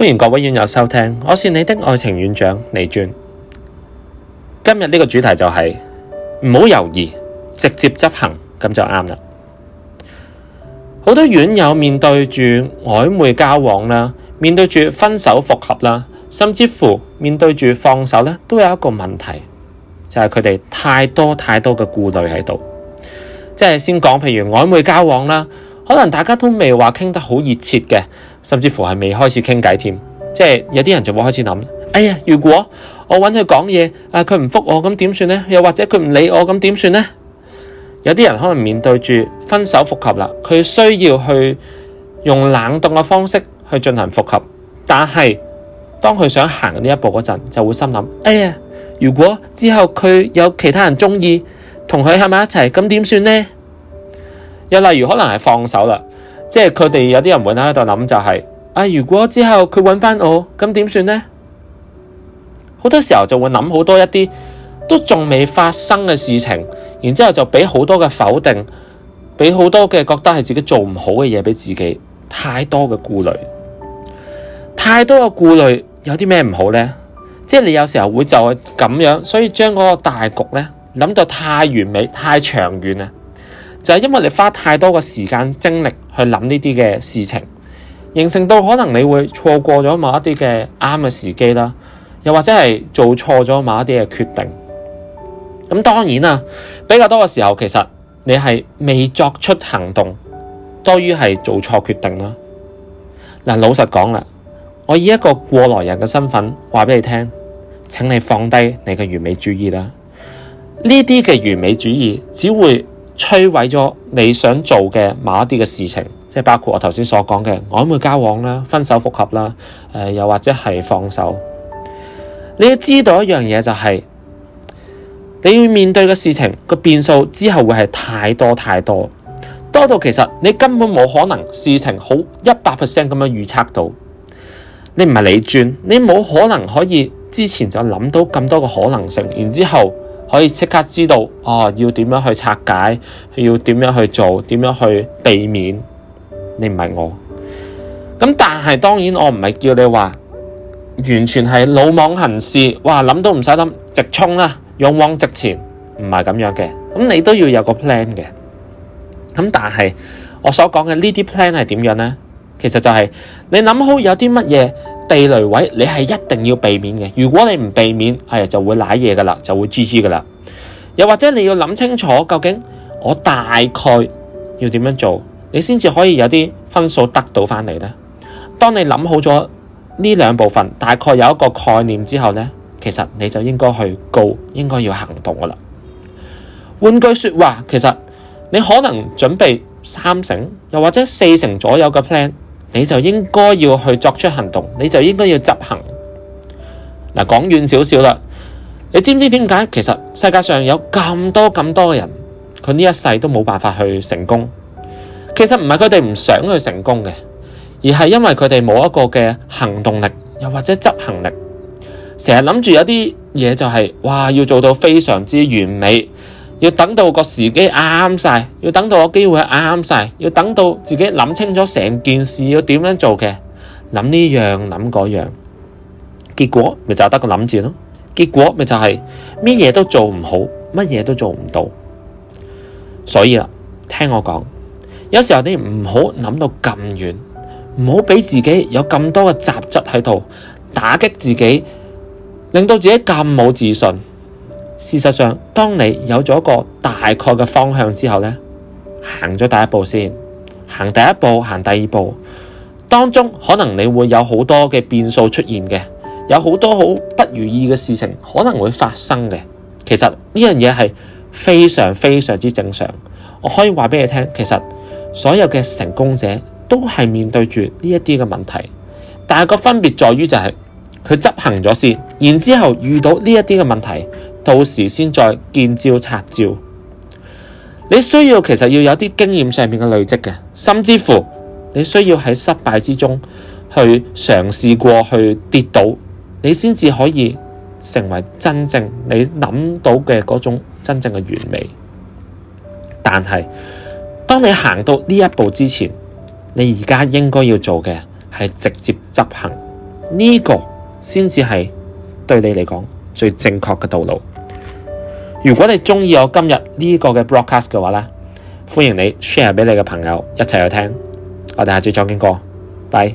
歡迎各位院友收聽，我是你的愛情院長李專。今日呢個主題就係唔好猶豫，直接執行咁就啱啦。好多院友面對住曖昧交往啦，面對住分手複合啦，甚至乎面對住放手咧，都有一個問題，就係佢哋太多太多嘅顧慮喺度。即係先講，譬如曖昧交往啦。可能大家都未話傾得好熱切嘅，甚至乎係未開始傾偈添。即係有啲人就會開始諗：哎呀，如果我揾佢講嘢，啊佢唔覆我，咁點算呢？又或者佢唔理我，咁點算呢？有啲人可能面對住分手復合啦，佢需要去用冷凍嘅方式去進行復合，但係當佢想行呢一步嗰陣，就會心諗：哎呀，如果之後佢有其他人中意，同佢喺埋一齊，咁點算呢？」又例如可能係放手啦，即係佢哋有啲人會喺度諗就係、是，啊、哎，如果之後佢揾翻我，咁點算呢？好多時候就會諗好多一啲都仲未發生嘅事情，然之後就俾好多嘅否定，俾好多嘅覺得係自己做唔好嘅嘢，俾自己太多嘅顧慮，太多嘅顧慮有啲咩唔好呢？即係你有時候會就係咁樣，所以將嗰個大局咧諗到太完美、太長遠啊。就係因為你花太多嘅時間精力去諗呢啲嘅事情，形成到可能你會錯過咗某一啲嘅啱嘅時機啦，又或者係做錯咗某一啲嘅決定。咁當然啦，比較多嘅時候，其實你係未作出行動多于係做錯決定啦。嗱，老實講啦，我以一個過來人嘅身份話俾你聽，請你放低你嘅完美主義啦。呢啲嘅完美主義只會摧毀咗你想做嘅某一啲嘅事情，即係包括我頭先所講嘅曖昧交往啦、分手復合啦，誒、呃，又或者係放手。你要知道一樣嘢就係、是，你要面對嘅事情個變數之後會係太多太多，多到其實你根本冇可能事情好一百 percent 咁樣預測到。你唔係你轉，你冇可能可以之前就諗到咁多嘅可能性，然之後。可以即刻知道哦，要點樣去拆解，要點樣去做，點樣去避免。你唔係我，咁但係當然我唔係叫你話完全係魯莽行事，哇諗都唔使諗，直衝啦，啊，勇往直前，唔係咁樣嘅。咁你都要有個 plan 嘅。咁但係，我所講嘅呢啲 plan 係點樣呢？其實就係，是，你諗好有啲乜嘢。地雷位你係一定要避免嘅，如果你唔避免，哎呀，就會舐嘢噶啦，就會 GG 噶啦。又或者你要諗清楚，究竟我大概要點樣做，你先至可以有啲分數得到翻嚟呢？當你諗好咗呢兩部分，大概有一個概念之後呢，其實你就應該去告，應該要行動噶啦。換句說話，其實你可能準備三成，又或者四成左右嘅 plan。你就應該要去作出行動，你就應該要執行嗱。講遠少少啦，你知唔知點解？其實世界上有咁多咁多嘅人，佢呢一世都冇辦法去成功。其實唔係佢哋唔想去成功嘅，而係因為佢哋冇一個嘅行動力，又或者執行力，成日諗住有啲嘢就係哇，要做到非常之完美。要等到個時機啱晒，要等到個機會啱晒，要等到自己諗清楚成件事要點樣做嘅，諗呢樣諗嗰樣，結果咪就得個諗住咯。結果咪就係乜嘢都做唔好，乜嘢都做唔到。所以啦，聽我講，有時候你唔好諗到咁遠，唔好俾自己有咁多嘅雜質喺度打擊自己，令到自己咁冇自信。事實上，當你有咗一個大概嘅方向之後呢，行咗第一步先，行第一步，行第二步，當中可能你會有好多嘅變數出現嘅，有好多好不如意嘅事情可能會發生嘅。其實呢樣嘢係非常非常之正常。我可以話俾你聽，其實所有嘅成功者都係面對住呢一啲嘅問題，但係個分別在於就係佢執行咗先，然之後遇到呢一啲嘅問題。到時先再見招拆招。你需要其實要有啲經驗上面嘅累積嘅，甚至乎你需要喺失敗之中去嘗試過去跌倒，你先至可以成為真正你諗到嘅嗰種真正嘅完美。但係，當你行到呢一步之前，你而家應該要做嘅係直接執行呢個，先至係對你嚟講。最正確嘅道路。如果你鍾意我今日呢個嘅 broadcast 嘅話咧，歡迎你 share 俾你嘅朋友一齊去聽。我哋下次再見過，拜。